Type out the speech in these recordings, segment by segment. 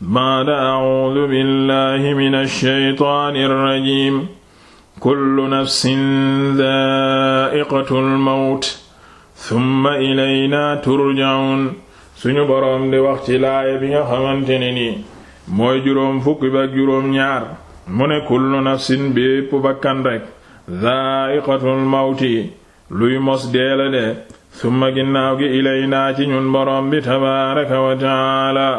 baada audu billahi min alsheytaani alrajim kullu nafsin daa'iqatu almawt summa ilayna turja'un suñu boroom di wax ci laaya bi nga xamante ne nii mooy juróom fukki ba juróom ñaar mu ne kullu nafsin bépp bakkan rekk daa'iqatul mawti luy mos dee la de summa ginnaaw gi ilayna ci ñun boroom bi tabaaraka wa taala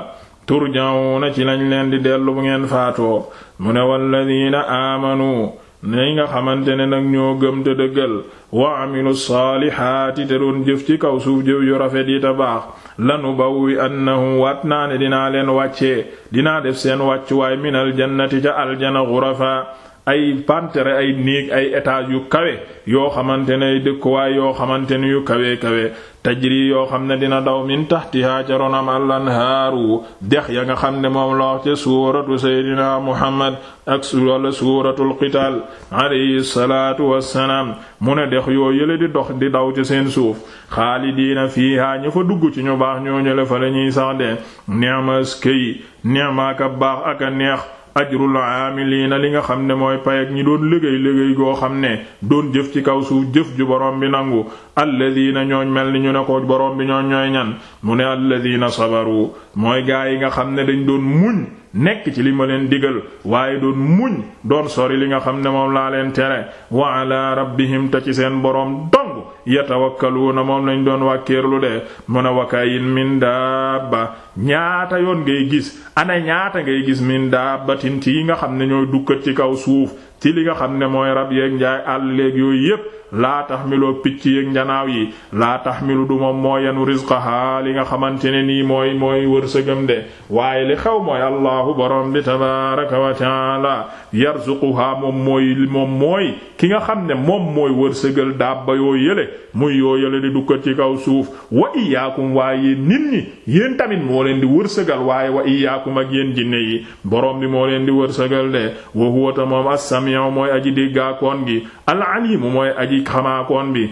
turjawuna ci lañ leen di dellu bu ngeen faatoo mu ne walladina aamanu ñi nga xamante ne nag ñoo gëm te dëggal wa amilu saalihaati te doon jëf ci kaw suuf jëw yu rafet yi te baax lanu bawwi na waat naa ne dinaa leen wàccee dinaa def seen wàccuwaay minal jannati ca aljana xurafa ay pantere ay néeg ay étage yu kawe yoo xamante ne ay dëkkuwaay yoo xamante ne yu kawe kawe tajri yoo xam ne dina daw min tahtiha ca ronam al-anhaaru dex ya nga xam ne moom la wax ca suuratu seydina muhammad ak wala suuratul qitaal alayhi salaatu wassalaam mu ne dex yoo yële di dox di daw ci seen suuf xaalidiina fiiha ña fa dugg ci ñu baax ñoo ñële fa la ñuy sax de neex ma ëskëy neex ma ka baax aka neex ajrul aamiliina li nga xam ne mooy pay ak ñi doon liggéey liggéey goo xam ne doon jëf ci kaw suuf jëf ju borom bi nangu alladiina ñooñ mel ni ñu ne ko borom bi ñooñ ñooy ñan mu ne alladiina sabaru mooy gaa yi nga xam ne dañ doon muñ nekk ci li ma leen digal waaye doon muñ doon sori li nga xam ne moom laa leen tere wa ala rabbihim ta ci seen borom yatawakkaluuna moom lañu doon wàkkeerlu de mu ne wakayin min dabba ñaata yoon ngay gis ana ñaata ngay gis min dabbatin ci yi nga xam ne ñooy dukkat ci kaw suuf ci li nga xam ne mooy rab yeeg njaay àll léeg yooyu yépp laa tax taxmiloo picc yeeg njanaaw yi laa tax taxmilu du moom moo yenu rizqaha li nga xamante ne nii mooy mooy wërsëgam de waaye li xew mooy allahu borom bi tabaraka wa taala yarzuquha moom mooy moom mooy ki nga xam ne moom mooy wërsëgal dabba yoo yële muy yoo yële di dukkat ci kaw suuf wa iyaakum waaye yéen nit ñi yéen tamit moo leen di wërsëgal waaye wa iyaakum ak yéen jinne yi borom moo leen di wërsëgal de as mooy aji déggaakoon gi al-alimu mooy aji xamaakoon bi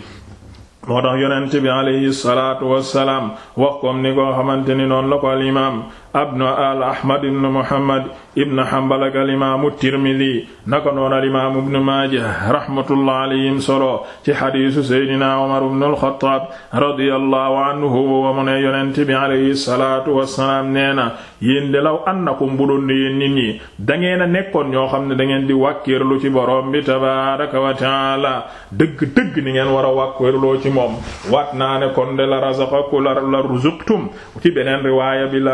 moo tax yonent bi alayhi salaatu wassalaam wax comme ni ko xamante ni noonu la ko al imaam abnu al ahmad ibn muhammad ibn hanbal ak al imaamu tirmidi naka noon al imaamu ibn maaja rahmatullah alayhim solo ci xadiisu seydina umar ibn al xattaab anhu wa mu ne yonent bi salaatu wassalaam nee na yéen de law annakum bu doon ne yéen nit ñi dangeen a nekkoon ñoo xam ne dangeen di wàkkirlu ci borom bi tabaaraka wa taala dëgg-dëgg ni ngeen war a wàkkirloo ci moom waat naa ne kon de la razaqakum la ruzuqtum ci riwaaya bi la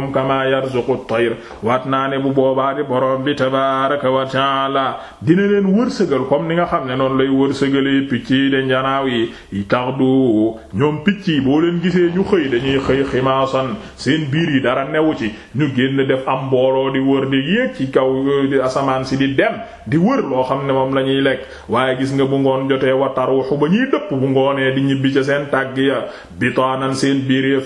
yarzuqukum kama yarzuqu at-tayr waat naa ne bu boobaa di borom bi tabaaraka wa ta'aala dina leen wërsëgal comme ni nga xam ne noonu lay wërsëgalee picc yi de njanaaw yi tax du ñoom picc yi boo leen gisee ñu xëy dañuy xëy ximaasan seen biir yi dara new ci ñu génn def am mbooloo di wër di yéeg ci kaw di asamaan si di dem di wër loo xam ne moom la ñuy lekk waaye gis nga bu ngoon jotee watar waxu ba ñuy dëpp bu ngoonee di ñibbi ca seen tàgg ya bitaanan seen biir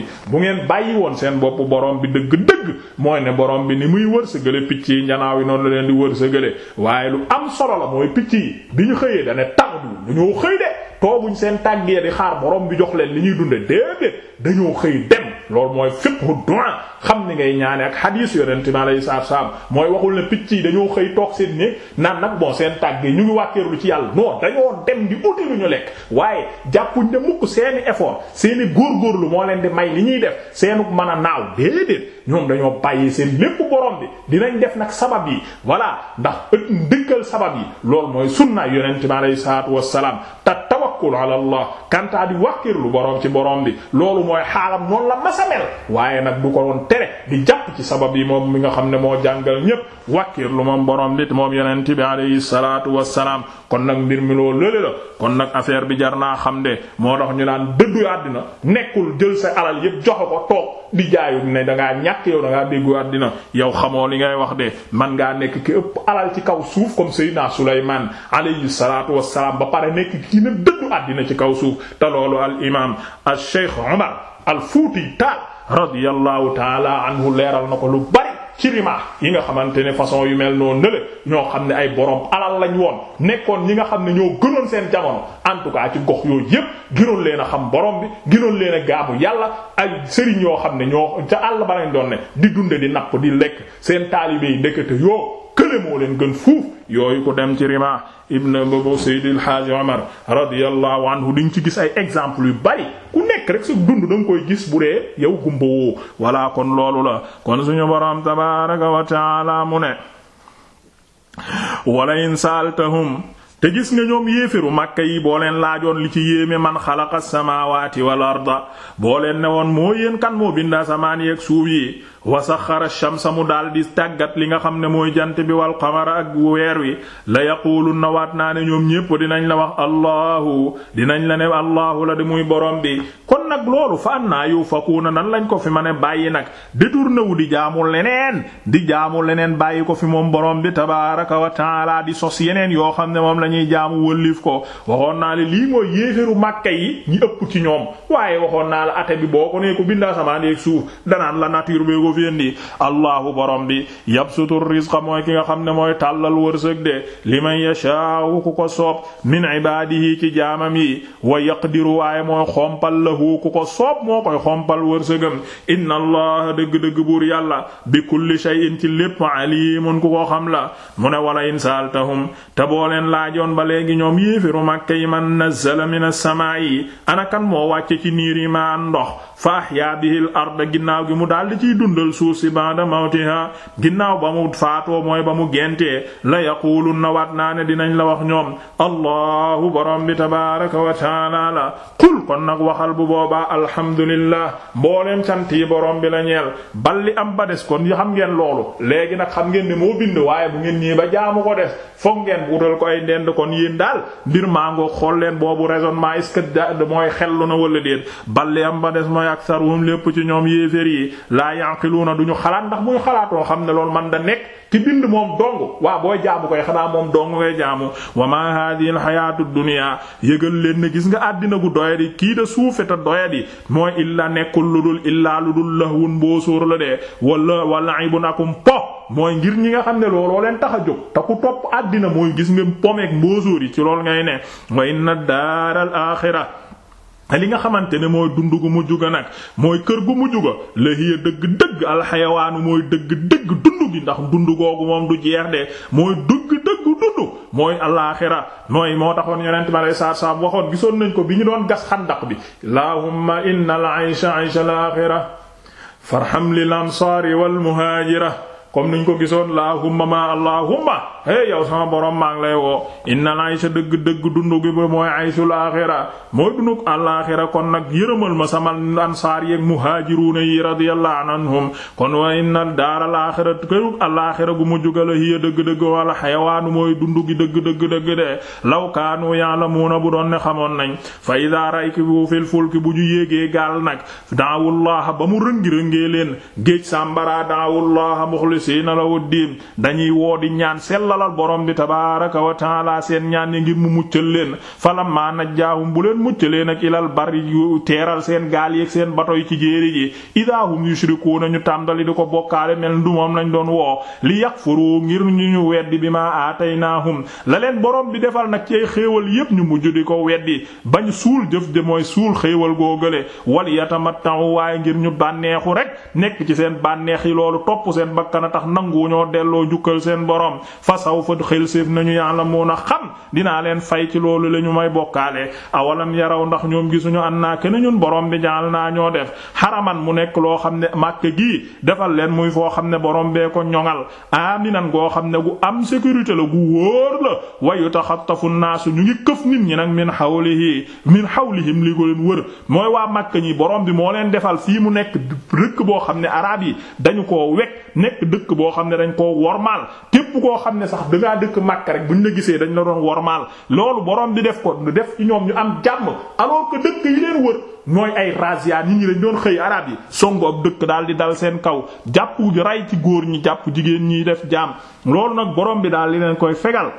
bi bu ngeen bàyyi woon seen bopp borom bi dëgg-dëgg mooy ne borom bi ni muy sa wërsëgale picc yi njanaaw yi noonu la leen di wërsëgale waaye lu am solo la mooy picc yi bi ñu xëyee dane tax du ñoo xëy de tooguñ seen tàggee di xaar borom bi jox leen li ñuy dunde déedéet dañoo xëy dem loolu mooy fiqhu du'a xam ni ngay ñaane ak xadiis yonente mi alayhi salaatu salaam mooy waxul ne picc yi dañoo xëy toog seen néeg naan nag bon seen tàggee ñu ngi wàkkeerlu ci yàlla non dañoo dem di uti lu ñu lekk waaye jàppuñ ne mukk seeni effort seeni lu moo leen di may li ñuy def seenu mën a naaw déedéet ñoom dañoo bàyyi seen lépp borom bi dinañ def nag sabab yi voilà ndax ëtt ndëkkal sabab loolu mooy sunna yonente mi alayhi salaatu tawakkul ala allah kantaa di wàkkirlu boroom ci boroom bi loolu mooy xaalam noonu la masa waaye nag du ko doon tere di jàpp ci sabab yi moom mi nga xam ne moo jàngal ñépp lu moom boroom bi moom yonent bi alayhi salaatu wassalaam kon nag mbir mi loo lële kon nag affaire bi jar naa xam de moo tax ñu naan dëddu àddina nekkul jël sa alal yépp joxe ko toog di jaayu ne da ngaa ñàkk yow da ngaa déggu àddina yow xamoo li ngay wax de man ngaa nekk ki ëpp alal ci kaw suuf dëddu àddina ci kaw suuf te loolu al imaam al Cheikh Omar al Fuuti Taal radiyallahu taala anhu leeral na ko lu bari ci rima yi nga xamante ne façon yu mel noonu nële ñoo xam ne ay borom alal lañ woon nekkoon ñi nga xam ne ñoo gënoon seen jamono en tout cas ci gox yooyu yépp gënoon leen a xam boroom bi gënoon leen a gaamu yàlla ay sëriñ yoo xam ne ñoo ca àll ba lañ doon ne di dunde di napp di lekk seen taalibe yi ndekete yoo kële moo leen gën fuuf yooyu ko dem ci rima ibn boobu Seydil Haaji Omar radiyallahu anhu diñ ci gis ay exemple yu bari ku nekk rek sa dund da koy gis bu dee yow gumbawoo walla kon loolu la kon suñu borom tabaaraka wa taala mu ne wala in saaltahum te gis nga ñoom yéefiru màkka yi boo leen laajoon li ci yéeme man xalaqa samaawaati wal arda boo leen ne woon moo yéen kan moo binda samaan yeeg suuf yi wa saxara shamsa mu daal di tàggat li nga xam ne mooy jant bi wal qamara ak weer wi la yaqulunna waat naa ne ñoom ñépp dinañ la wax allahu dinañ la ne allahu la de muy borom bi kon nag loolu fa an naa yufakuuna nan lañ ko fi ma ne bàyyi nag détourné wu di jaamu leneen di jaamu leneen bàyyi ko fi moom borom bi tabaaraka wa di sos yeneen yoo xam ne moom la ñuy jaamu wëllif ko waxoon naa ne lii mooy yéeféru Makka yi ñi ëpp ci ñoom waaye waxoon naa la ate bi boo ko nee ko bindaa samaan yeeg suuf danaan la nature bee ko féendi allahu borom bi yabsutu rizqa mooy ki nga xam ne mooy tàllal wërsëg de liman yashaa'u ku ko soob min ibaadihi ci jaamam yi wa yaqdiru waaye yumti'uhu ku ko soob moo koy xompal wërsëgam inna allaha dëgg-dëgg buur yàlla bi kulli shay'in ci lépp alimun ku ko xam la mu ne wala in saaltahum te boo laajoon ba léegi ñoom yéefiru màkke yi man nazzala min as-samaa'i anakan moo wàcce ci niir yi ma ndox fa ahya bihil arda ginnaaw gi mu daldi ciy dundal suuf si ba'da mawtiha ginnaaw ba mu faatoo mooy ba mu gentee la yaqulun na waat ne dinañ la wax ñoom allahu borom bi tabaaraka wa ta'aala qul kon nag waxal boobaa alhamdulillah mbooleem cant yi boroom bi la ñeel bal li am ba des kon yi xam ngeen loolu léegi nag xam ngeen ne moo bind waaye bu ngeen ñii ba jaamu ko des foog ngeen wutal ko ay dend kon yéen daal mbir maa xool leen boobu raisonnement ma ce que mooy xellu na wala déet bal li am ba des mooy aksaruhum lépp ci ñoom yéefér yi laa yaqiluuna duñu xalaat ndax muy xalaatoo xam ne loolu man da nekk ki bind moom dong waa booy jaamu koy xanaa moom dong ngay jaamu wa ma hadhihi al hayatu yëgal leen na gis nga àddina gu doyadi kii da suufe ta doyadi mooy illa nekkul lu dul illaa lu dul lahwun mboosóor la dee wala wala ibun akum po mooy ngir ñi nga xam ne looloo leen tax a jóg te ku topp àddina mooy gis nga pomeeg mboosóor yi ci lool ngay ne wa inna daaral axira li nga xamante ne mooy dund gu mujj ga nag mooy kër gu mujj ga la hiya dëgg-dëgg alxayawaanu mooy dëgg-dëgg dund gi ndax dund googu moom du jeex de mooy dëgg-dëgg dund mooy alaaxira mooy moo taxoon yonent ma lay saar saam waxoon gisoon nañ ko bi ñu doon gas xandaq bi allahumma inna al aycha aycha alaaxira farham lil ansaari wal muhaajira comme niñ ko gisoon laahumma ma allahumma hey yow sama borom maa ngi lay woo inna laay sa dëgg dëgg dundu gi ba mooy aysul aaxira mooy dunduk alaaxira kon nag yërëmal ma sama ansaar yeek muhaajiruuna yi radiyallahu anhum kon wa inna daaral aaxira këruk alaaxira gu mujj ga la hiya dëgg dëgg wala xayawaanu mooy dundu gi dëgg dëgg dëgg de law kaanu ya'lamuuna bu doon ne xamoon nañ fa idaa rakibu fil fulki bu ñu yéegee gaal nag daawullaha ba mu rëngi rëngee leen géej sàmbara daawullaha muxlis muxlisiina lahu diin dañuy woo di ñaan sellalal borom bi tabaaraka wa taala seen ñaan yi ngir mu muccal leen falammaa najjaahum bu leen muccalee nag ilal bari yu teeral seen gaal yeeg seen bato yi ci jéeri ji idaa hum yushrikuuna ñu tàmbali di ko bokkaale mel ndumam lañu doon woo li furu ngir ñu ñu weddi bi ma aataynaahum la leen borom bi defal nag ci ay xéewal yépp ñu mujj di ko weddi bañ suul jëf de mooy suul xéewal googale wal yatamatta'u waaye ngir ñu bànneexu rek nekk ci seen bànneex yi loolu topp tax nangu ñoo delloo jukkal seen borom fa sawfa xelséef nañu ya'lamuna xam dinaa leen fay ci loolu la ñu may bokkaale awalam yaraw ndax ñoom gisuñu an naa kenn ñun borom bi jaal naa ñoo def xaraman mu nekk loo xam ne màkk gi defal leen muy foo xam ne borom bee ko ñoŋal aminan goo xam ne gu am sécurité la gu wóor la wayu taxattafu naasu ñu ngi këf nit ñi nag min hawlihi min hawlihim li ko leen wër mooy waa màkk ñi borom bi moo leen defal fii mu nekk boo xam dëkk boo xam ne dañ koo wormaal képp koo xam ne sax dangaa dëkk Makka rek bu ñu la gisee dañ la doon wormaal loolu boroom di def ko def ci ñoom ñu am jàmm alors que dëkk yi leen wër ñooy ay razzia nit ñi dañ doon xëy arab yi songu ab dëkk daal di dal seen kaw jàpp rey ci góor ñi jàpp jigéen ñiy def jaam loolu nag boroom bi daal li leen koy fegal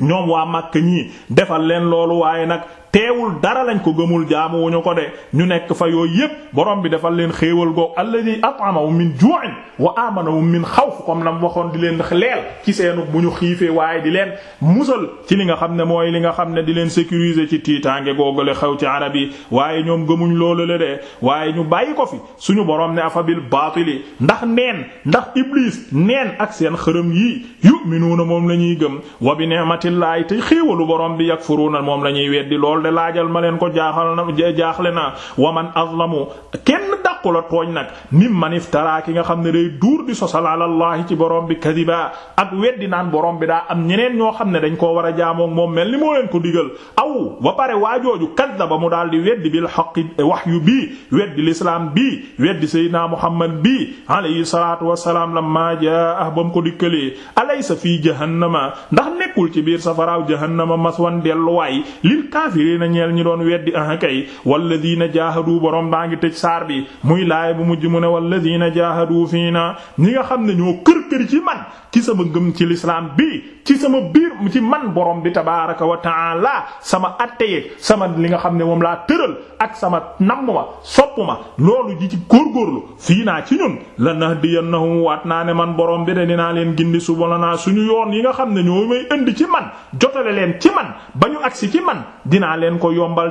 ñoom waa Makka ñii defal leen loolu waaye nag teewul dara lañ ko gëmul jaamu wuñu ko de ñu nekk fa yooyu yépp borom bi defal leen xéewal goog alladhi at'amahum min ju'in wa amana amanahum min xawf comme nam waxoon di leen leel ci seenu bu ñu xiifee waaye di leen musal ci li nga xam ne mooy li nga xam ne di leen sécuriser ci tiitaange googale xew ci arab yi waaye ñoom gëmuñ loolu la de waaye ñu bàyyi ko fi suñu borom ne afabil baatili ndax neen ndax iblis neen ak seen xërëm yii yu'minuuna moom la ñuy gëm wa bi ni'matillahi te xéewalu borom bi yakfuruna moom la ñuy weddi lool de laajal ma leen ko jaaxal na jaaxle na waman azlamu kenn ku la tooñ nag nim maniftara ki nga xam ne day duur di sosal alallahi ci borom bi kadiba ak weddi naan borom bi daa am ñeneen ñoo xam ne dañ koo war a jaamoog moom mel ni moo leen ko digal aw ba pare waajooju ba mu daal di weddi bil xaqi wahyu bii weddi l'islam bii weddi sayyidina muhammad bii alayhi salatu wasalaam lamma jaa bam ko dikkalee alaysa fii jahannama ndax nekkul ci biir safaraaw jahannama maswan delluwaay lil kaafiriina ñeel ñi doon weddi ah kay walladina jaahadu borom baa ngi tëj saar bi muy bu mujj mu ne walladina jaahadu fiina ñi nga xam ne ñoo kër kër ci man ci sama ngëm ci lislaam bi ci sama biir ci man borom bi tabaaraka wa taala sama atteye sama li nga xam ne moom laa tëral ak sama namm ma sopp ma loolu ji ci góorgóorlu fii naa ci ñun la nahdiyannahum waat naa ne man borom bi de dinaa leen gindi subulana suñu yoon yi nga xam ne ñoo may indi ci man jotale leen ci man ba ñu agsi ci man dinaa leen ko yombal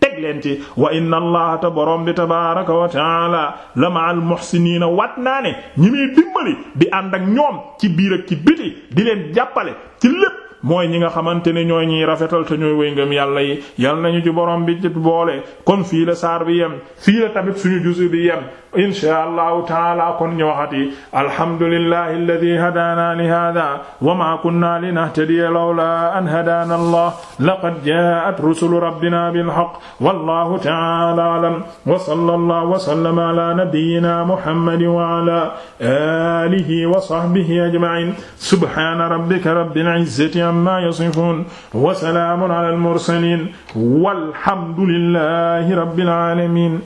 teg leen ci wa inna allaha te borom bi tabaraka wa taala la ma al muhsiniina wat naa ne ñi muy dimbali di ànd ak ñoom ci biir ak ci biti di leen jàppale ci lépp mooy ñi nga xamante ne ñooy ñiy rafetal te ñooy wéy ngëm yàlla yi yal nañu ci borom bi ci boole kon fii la saar bi yem fii la tamit suñu juzu bi yem insha allahu taala kon ñu waxati alhamdulillahi alladhi hadaana li hada wa ma kunna linahtadiya lawla an hadaana allah laqad jaa'at rusulu rabbina bil haqq wallahu taala alam wa sallallahu wa sallama ala nabiyyina muhammadin wa ala alihi wa sahbihi ajma'in subhana rabbika rabbil izzati amma yasifun wa salamun ala al mursalin walhamdulillahi rabbil alamin